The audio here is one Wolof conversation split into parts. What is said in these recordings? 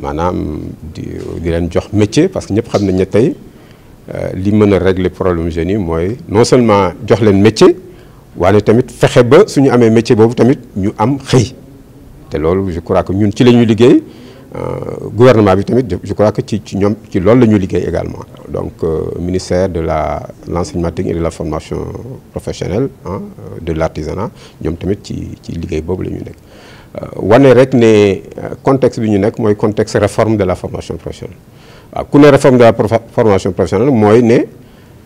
manam di di leen jox métier parce que ñep xam nañ tay tey euh, li mëna régler problème jeunes moy non seulement jox leen métier wala tamit fexé ba suñu amé métier bobu tamit ñu am xey té loolu je crois que ñun ci la ñuy euh gouvernement bi tamit je crois que ci ci ñoom ci loolu la ñuy liggéey également donc euh, ministère de la l'enseignement technique et de la formation professionnelle hein euh, de l'artisanat ñom tamit ci ci liggéey bobu lañu nek euh, wane rek ne euh, contexte bi ñu nekk contexte réforme de la formation professionnelle euh, ku ne réforme de la formation professionnelle moy ne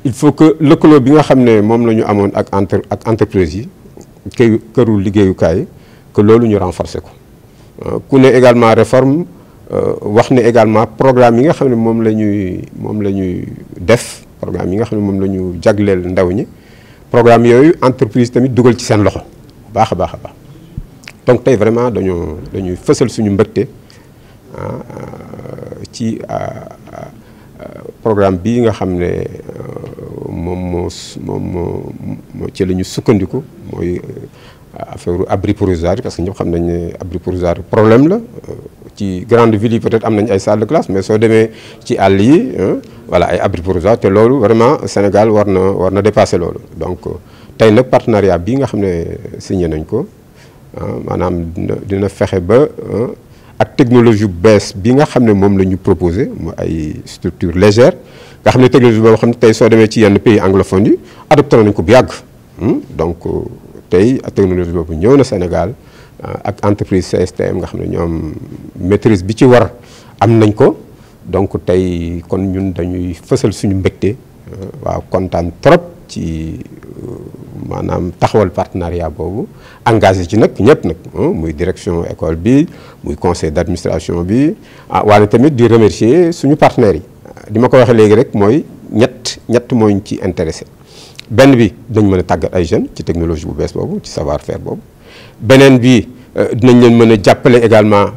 il faut que lëkkaloo bi nga xam mom lañu amone ak entre ak entreprise yi këy këru kay que lolu ñu renforcer ko ku ne également réforme wax ne également programme yi nga xam mom lañuy mom lañuy def programme yi nga xam mom lañu la ndaw ñi programme yoyu entreprise tamit duggal ci seen loxo baax baax baax donc tey vraiment dañu dañuy fësal suñu mbëgte ah, ah, ci ah, programme bi nga xamné euh, mom mom moo ci la ñu sukkandiku mooy euh, affaire abri provisoire parce que ñëpp xamnañ abri pour abri provisoire problème la euh, ci grande ville peut-être amnañ ay salle de classe mais so démé ci àll yi hein, voilà ay abri provisoire té lolu vraiment Sénégal warna warna dépasser lolu donc tay nak partenariat bi nga xamné signé nañ ko euh, manam dina fexé ba euh, ak technologie bu bi nga xamné mom lañu proposer mo ay structure légère nga xamné technologie boo xam ne tey soo demee ci yenn pays anglophones yi adopté nañ ko bu yàgg hmm? donc euh, tey technologie boobu ñëw na Sénégal ak entreprise CSTM nga xamné ñom maîtrise bi ci war am nañ ko donc tay kon ñun dañuy fësal suñu mbecté wa kontaan trop ci manam taxawal partenariat bobu engagé ci nak ñëpp nak hein, muy direction école bi muy conseil d'administration bi ah, wala tamit di remercier suñu partenaire yi di ma ko waxee léegi rek moy ñet ñet moy ci intéressé benn bi dañ mëna taggal ay jeunes ci technologie bu bees bobu ci savoir faire bobu benen bi euh, dinañ leen mëna a également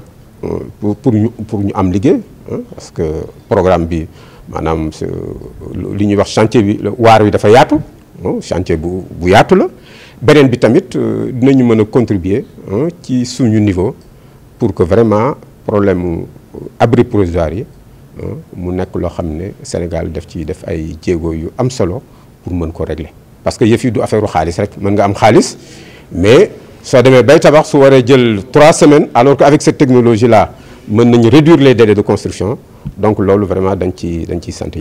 euh, pour pour ñu pour ñu am liggéey hein, parce que programme bi maanaam li ñuy wax chantier bi war wi dafa yaatu Oh, chantier bu bu yaatu la benen bi tamit euh, dinañu mën contribuer hein, ci suñu niveau pour que vraiment problème euh, abri provisoire yi hein, mu nek lo xamné Sénégal def ci def ay jéego yu am solo pour mën ko régler parce que yëf yi du affaireu khalis rek mën nga am khalis mais ça demee bay tabax su waré trois semaines alors que avec cette technologie là nous nañu réduire les délais de construction donc lolu vraiment dañ ci dañ ci sante